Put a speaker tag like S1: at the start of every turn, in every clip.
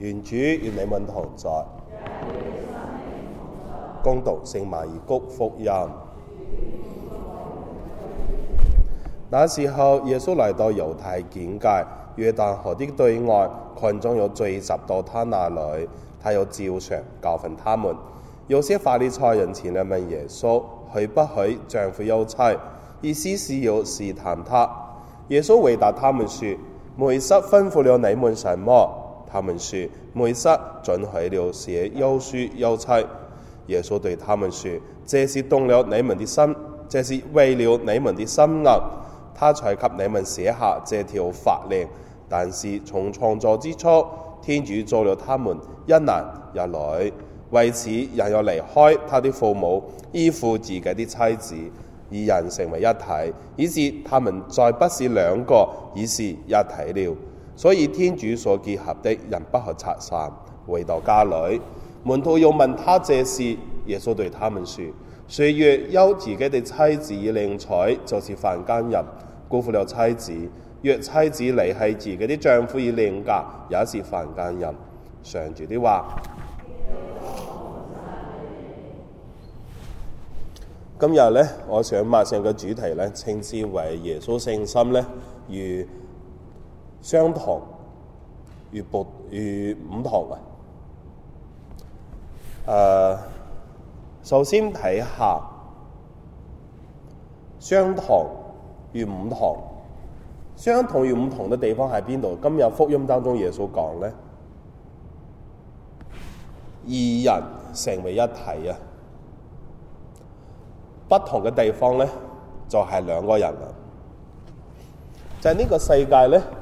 S1: 願主與你們同在，恭讀聖馬爾谷福音。那時候，耶穌嚟到猶太境界約旦河的對岸，群眾又聚集到他那裏，他又照常教訓他們。有些法利賽人前嚟問耶穌許不許丈夫休妻，意思是要試探他。耶穌回答他們說：梅瑟吩咐了你們什麼？他們說，梅瑟准許了寫休書休妻。耶穌對他們說：這是動了你們的心，這是為了你們的心硬，他才給你們寫下這條法令。但是從創作之初，天主造了他們一男一女，為此人要離開他的父母，依附自己的妻子，二人成為一體，以致他們再不是兩個，而是一體了。所以天主所結合的人不可拆散，回到家裏，門徒又問他這事，耶穌對他們説：誰若休自己的妻子而另娶，就是犯姦淫，辜負了妻子；若妻子離棄自己的丈夫而另嫁，也是犯姦淫。上主啲話。今日呢，我想默想嘅主題呢稱之為耶穌聖心呢。」與。相同與不與唔同啊。誒，uh，首先睇下相同與唔同，相同與唔同嘅地方喺邊度？今日福音當中耶穌講咧，二人成為一體啊。不同嘅地方咧，就係兩個人啦，就喺呢個世界咧。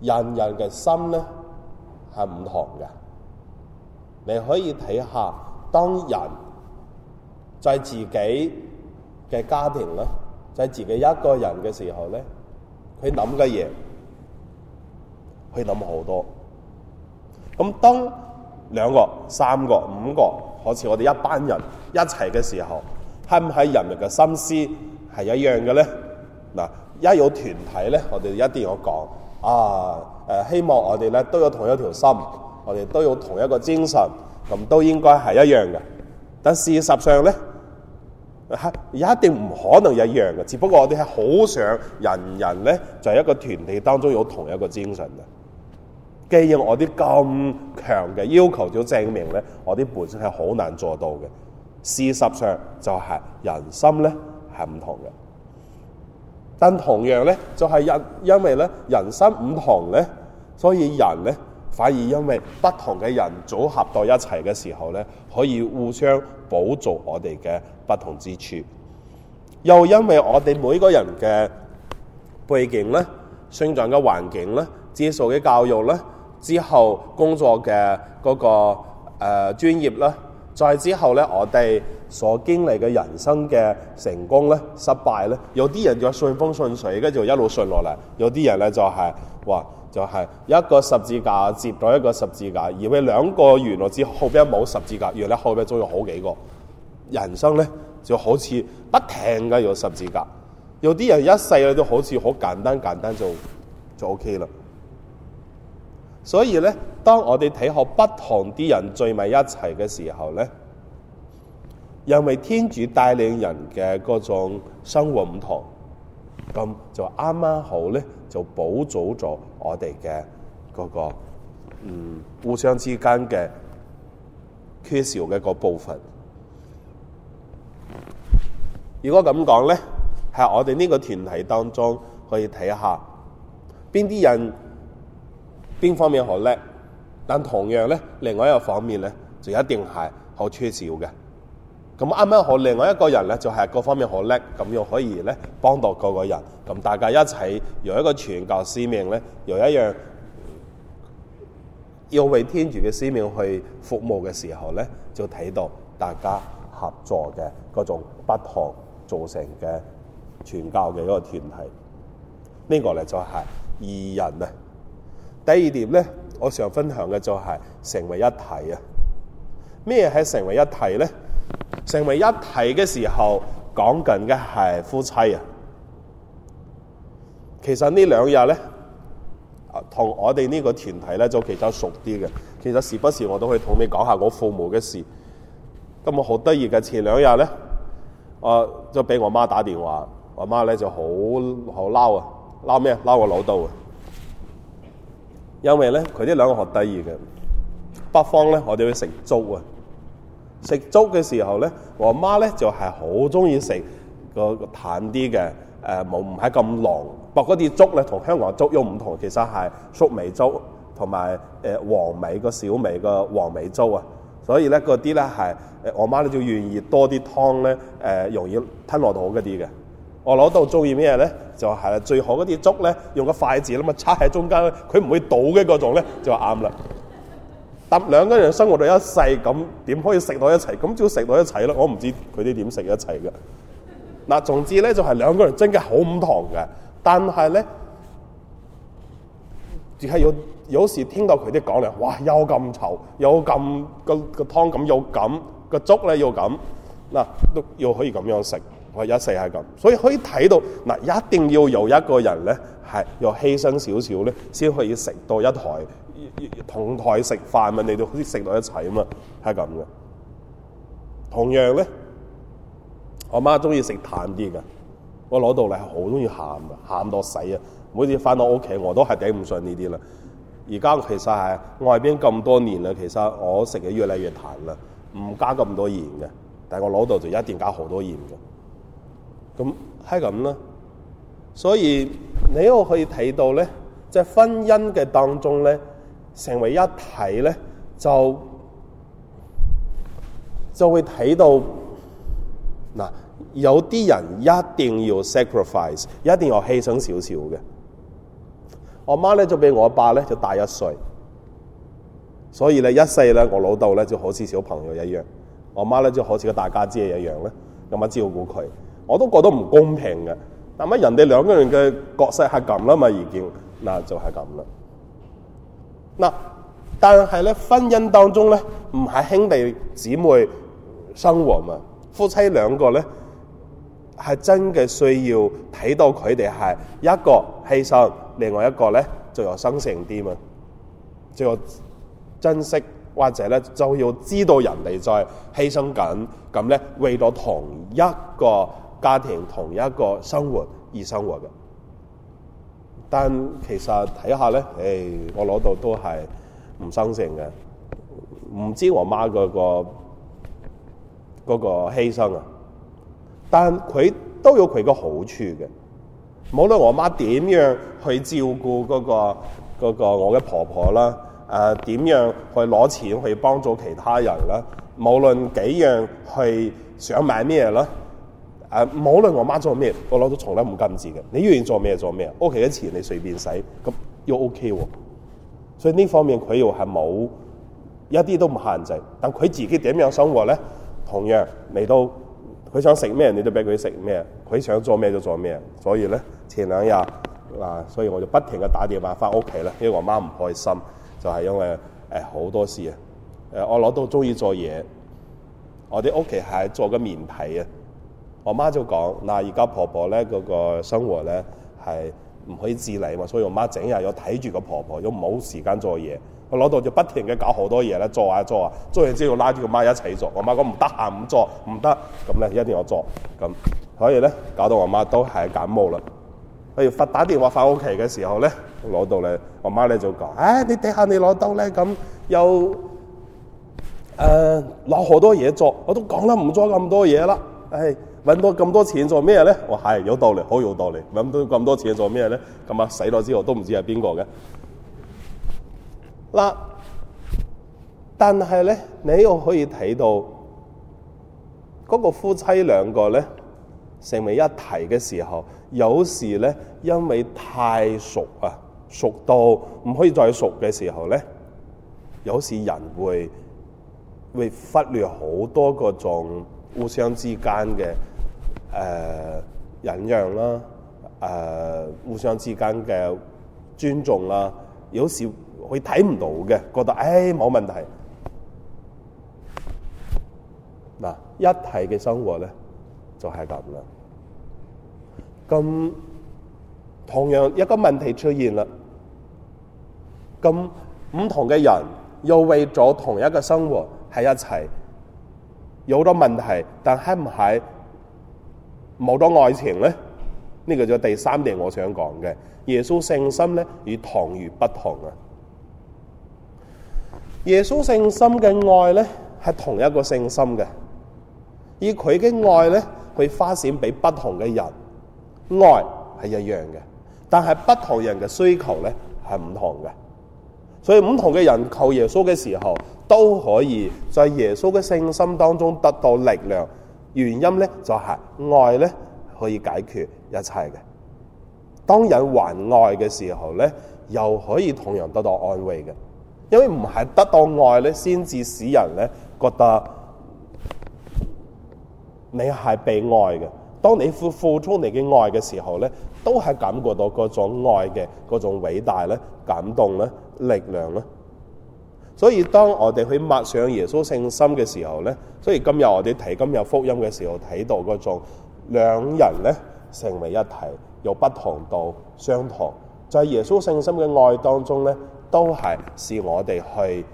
S1: 人人嘅心咧係唔同嘅，你可以睇下，當人在自己嘅家庭咧，就係自己一個人嘅時候咧，佢諗嘅嘢佢諗好多。咁當兩個、三個、五個，好似我哋一班人一齊嘅時候，係唔係人類嘅心思係一樣嘅咧？嗱，一有團體咧，我哋一定要講。啊！誒，希望我哋咧都有同一條心，我哋都有同一個精神，咁都應該係一樣嘅。但事實上咧，一定唔可能係一樣嘅。只不過我哋係好想人人咧，在、就係、一個團體當中有同一個精神嘅。既然我啲咁強嘅要求，就證明咧，我啲本身係好難做到嘅。事實上就係人心咧係唔同嘅。但同樣咧，就係人，因為咧人生唔同咧，所以人咧反而因為不同嘅人組合到一齊嘅時候咧，可以互相補助我哋嘅不同之處。又因為我哋每個人嘅背景咧、生長嘅環境咧、接受嘅教育咧、之後工作嘅嗰、那個誒、呃、專業咧，再之後咧我哋。所經歷嘅人生嘅成功咧、失敗咧，有啲人就順風順水，跟住一路順落嚟；有啲人咧就係、是、話就係、是、一個十字架接到一個十字架，而佢兩個原來之後邊冇十字架，原來後邊仲有好幾個。人生咧就好似不停嘅有十字架，有啲人一世咧就好似好簡單簡單就就 OK 啦。所以咧，當我哋睇好不同啲人聚埋一齊嘅時候咧。因為天主帶領人嘅嗰種生活唔同，咁就啱啱好咧，就補足咗我哋嘅嗰個嗯互相之間嘅缺少嘅嗰部分。如果咁講咧，喺我哋呢個團體當中，可以睇下邊啲人邊方面好叻，但同樣咧，另外一個方面咧，就一定係好缺少嘅。咁啱啱好，另外一個人咧，就係各方面好叻，咁又可以咧幫到嗰個人，咁大家一齊有一個傳教使命咧，有一樣要為天主嘅使命去服務嘅時候咧，就睇到大家合作嘅各種不同造成嘅傳教嘅一個團體。呢個咧就係二人啊。第二點咧，我想分享嘅就係成為一體啊。咩係成為一體咧？成為一體嘅時候，講緊嘅係夫妻啊。其實這兩呢兩日咧，同我哋呢個團體咧就比較熟啲嘅。其實時不時我都可以同你講一下我父母嘅事。咁我好得意嘅，前兩日咧，我就俾我媽打電話，我媽咧就好好嬲啊。嬲咩啊？嬲我老豆啊。因為咧，佢呢兩個好得意嘅，北方咧我哋要食粥啊。食粥嘅時候咧，我媽咧就係好中意食個淡啲嘅，誒冇唔係咁濃。博嗰啲粥咧同香港粥又唔同，其實係粟米粥同埋誒黃米個小米個黃米粥啊。所以咧嗰啲咧係誒我媽咧就願意多啲湯咧誒容易吞落肚嗰啲嘅。我攞到中意咩咧，就係、是、最好嗰啲粥咧用個筷子咁啊叉喺中間咧，佢唔會倒嘅嗰種咧就啱啦。兩個人生活到一世咁，點可以食到一齊？咁只要食到一齊咯，我唔知佢哋點食一齊嘅。嗱，總之呢，就係兩個人真嘅好唔同嘅，但係呢，亦係有有時聽到佢哋講咧，哇又咁臭，又咁個個湯咁又咁個粥呢，又咁，嗱都要可以咁樣食，我一世係咁，所以可以睇到嗱，一定要有一個人呢，係又犧牲少少呢，先可以食到一台。同台食飯咪，你哋好似食到一齊啊嘛，係咁嘅。同樣咧，我媽中意食淡啲嘅，我老豆係好中意鹹嘅，鹹到死啊！每次翻到屋企，我都係頂唔順呢啲啦。而家其實係外邊咁多年啦，其實我食嘅越嚟越淡啦，唔加咁多鹽嘅，但係我老豆就一定加好多鹽嘅。咁係咁啦，所以你都可以睇到咧，即係婚姻嘅當中咧。成為一體咧，就就會睇到嗱，有啲人一定要 sacrifice，一定要犧牲少少嘅。我媽咧就比我阿爸咧就大一歲，所以咧一世咧我老豆咧就好似小朋友一樣，我媽咧就好似個大家姐一樣咧，咁樣照顧佢，我都覺得唔公平嘅。咁人哋兩個人嘅角色係咁啦嘛，已經，嗱就係咁啦。嗱，但係咧婚姻當中咧唔係兄弟姊妹生活嘛，夫妻兩個咧係真嘅需要睇到佢哋係一個犧牲，另外一個咧就要生性啲嘛，就要珍惜或者咧就要知道人哋在犧牲緊，咁咧為咗同一個家庭、同一個生活而生活嘅。但其實睇下咧，誒、哎，我老豆都係唔生性嘅，唔知道我媽嗰、那個嗰、那個、犧牲啊。但佢都有佢個好處嘅，無論我媽點樣去照顧嗰、那個那個我嘅婆婆啦，誒、啊、點樣去攞錢去幫助其他人啦，無論幾樣去想買咩嘢啦。唔好論我媽做咩，我老豆從來唔禁止嘅。你願意做咩做咩，屋企嘅錢你隨便使，咁又 OK 喎、啊。所以呢方面佢又係冇一啲都唔限制。但佢自己點樣生活咧，同樣你都佢想食咩，你都俾佢食咩。佢想做咩就做咩。所以咧前兩日嗱，所以我就不停嘅打電話翻屋企啦，因為我媽唔開心，就係、是、因為誒好、哎、多事啊。誒，我老豆中意做嘢，我哋屋企係做緊麵皮啊。我媽就講：嗱，而家婆婆咧嗰個生活咧係唔可以自理嘛，所以我媽整日要睇住個婆婆，都冇時間做嘢。我老豆就不停嘅搞好多嘢咧，做下做啊，做完之後拉住個媽一齊做。我媽講唔得閒唔做，唔得咁咧，一定要做。咁所以咧搞到我媽都係感冒啦。我要打電話翻屋企嘅時候咧，老豆咧，我媽咧就講：唉、哎，你睇下你老豆咧，咁又誒攞好多嘢做，我都講啦，唔做咁多嘢啦，係、哎。搵到咁多錢做咩咧？我係有道理，好有道理。搵到咁多錢做咩咧？咁啊，死咗之後都唔知係邊個嘅。嗱，但係咧，你又可以睇到嗰、那個夫妻兩個咧，成為一體嘅時候，有時咧，因為太熟啊，熟到唔可以再熟嘅時候咧，有時人會會忽略好多嗰種互相之間嘅。誒忍讓啦，誒、呃、互相之間嘅尊重啦，有時佢睇唔到嘅，覺得誒冇問題。嗱，一體嘅生活咧就係咁啦。咁同樣一個問題出現啦。咁唔同嘅人又為咗同一個生活喺一齊，有咗問題，但係唔係？冇咗愛情咧，呢、這個就第三點我想講嘅。耶穌聖心咧與同與不同啊。耶穌聖心嘅愛咧係同一個聖心嘅，而佢嘅愛咧佢發展俾不同嘅人，愛係一樣嘅，但係不同人嘅需求咧係唔同嘅，所以唔同嘅人求耶穌嘅時候都可以在耶穌嘅聖心當中得到力量。原因呢就係愛呢可以解決一切嘅。當人還愛嘅時候呢，又可以同樣得到安慰嘅。因為唔係得到愛呢先至使人呢覺得你係被愛嘅。當你付付出你嘅愛嘅時候呢，都係感覺到嗰種愛嘅嗰種偉大呢、感動呢、力量呢。所以當我哋去默想耶穌聖心嘅時候呢，所以今日我哋睇今日福音嘅時候睇到嗰種兩人呢，成為一體，有不同道相同，在耶穌聖心嘅愛當中呢，都係使我哋去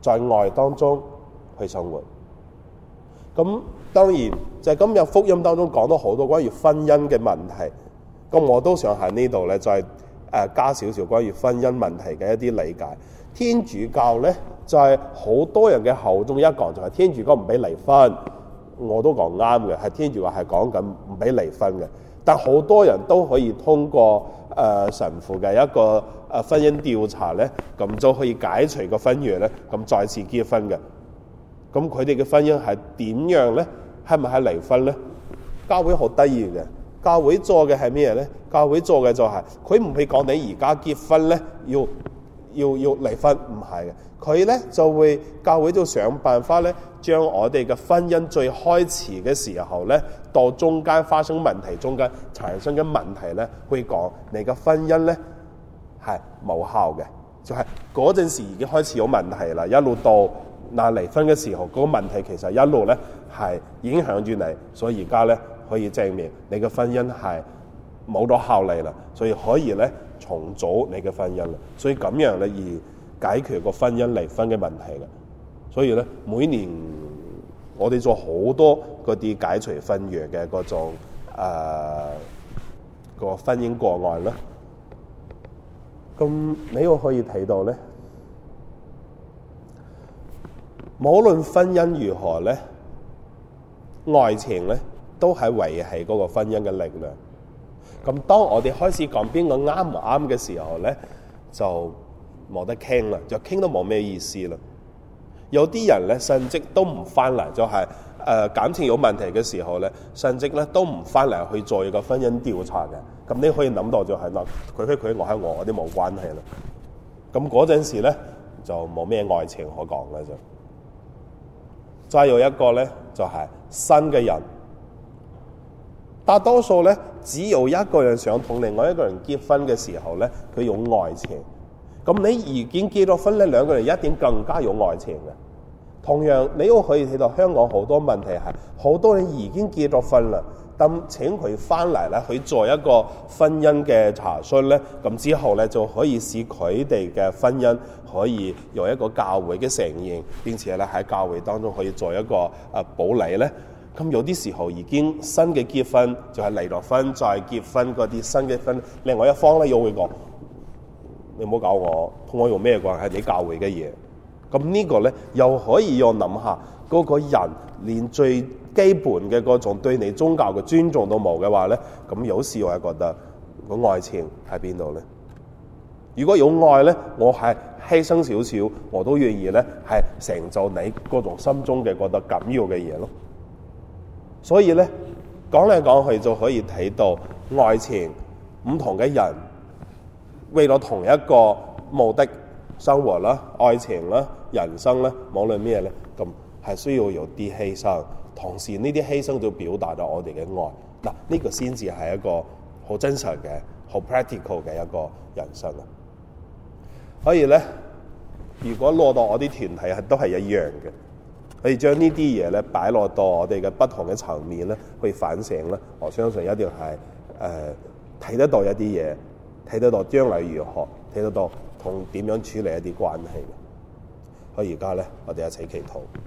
S1: 在愛當中去生活。咁當然就係今日福音當中講到好多關於婚姻嘅問題，咁我都想喺呢度呢，再誒加少少關於婚姻問題嘅一啲理解。天主教咧，就係、是、好多人嘅口中一講就係、是、天主教唔俾離婚，我都講啱嘅，係天主教係講緊唔俾離婚嘅。但好多人都可以通過誒、呃、神父嘅一個誒婚姻調查咧，咁就可以解除個婚約咧，咁再次結婚嘅。咁佢哋嘅婚姻係點樣咧？係咪喺離婚咧？教會好得意嘅，教會做嘅係咩咧？教會做嘅就係佢唔係講你而家結婚咧要。要要離婚唔係嘅，佢呢就會教會就想辦法呢將我哋嘅婚姻最開始嘅時候呢，到中間發生問題中間產生嘅問題呢，會講你嘅婚姻呢係冇效嘅，就係嗰陣時已經開始有問題啦，一路到嗱離婚嘅時候，嗰、嗰個問題其實一路呢係影響住你，所以而家呢可以證明你嘅婚姻係冇咗效力啦，所以可以呢。重組你嘅婚姻啦，所以咁樣咧，而解決個婚姻離婚嘅問題啦。所以咧，每年我哋做好多嗰啲解除婚約嘅嗰種誒、呃那個婚姻個案啦。咁你我可以睇到咧，無論婚姻如何咧，愛情咧都係維繫嗰個婚姻嘅力量。咁當我哋開始講邊個啱唔啱嘅時候咧，就冇得傾啦，就傾都冇咩意思啦。有啲人咧，甚至都唔翻嚟，就係誒感情有問題嘅時候咧，甚至咧都唔翻嚟去做一個婚姻調查嘅。咁你可以諗到就係嗱，佢佢佢我係我，啲冇關係啦。咁嗰陣時咧，就冇咩愛情可講啦，就。再有一個咧，就係新嘅人。大多數咧，只有一個人想同另外一個人結婚嘅時候咧，佢有愛情。咁你已經結咗婚咧，兩個人一定更加有愛情嘅。同樣，你都可以睇到香港好多問題係，好多人已經結咗婚啦，但請佢翻嚟咧，去做一個婚姻嘅查詢咧，咁之後咧就可以使佢哋嘅婚姻可以有一個教會嘅承認，並且咧喺教會當中可以做一個誒保禮咧。咁有啲時候，已經新嘅結婚就係離落婚再結婚嗰啲新嘅婚，另外一方咧又會講：你唔好搞我，同我用咩講？係你教會嘅嘢。咁呢個咧又可以要諗下，嗰個人連最基本嘅嗰種對你宗教嘅尊重都冇嘅話咧，咁有時我係覺得個愛情喺邊度咧？如果有愛咧，我係犧牲少少，我都願意咧，係成就你嗰種心中嘅覺得緊要嘅嘢咯。所以咧，講嚟講去就可以睇到愛情唔同嘅人，為咗同一個目的生活啦、愛情啦、人生啦，無論咩咧，咁係需要有啲犧牲。同時呢啲犧牲就表達咗我哋嘅愛。嗱，呢個先至係一個好真實嘅、好 practical 嘅一個人生啊。所以咧，如果落到我啲團體係都係一樣嘅。可以將呢啲嘢咧擺落到我哋嘅不同嘅層面咧，去反省咧，我相信一定係誒睇得到一啲嘢，睇得到將來如何，睇得到同點樣處理一啲關係。我而家咧，我哋一齊祈禱。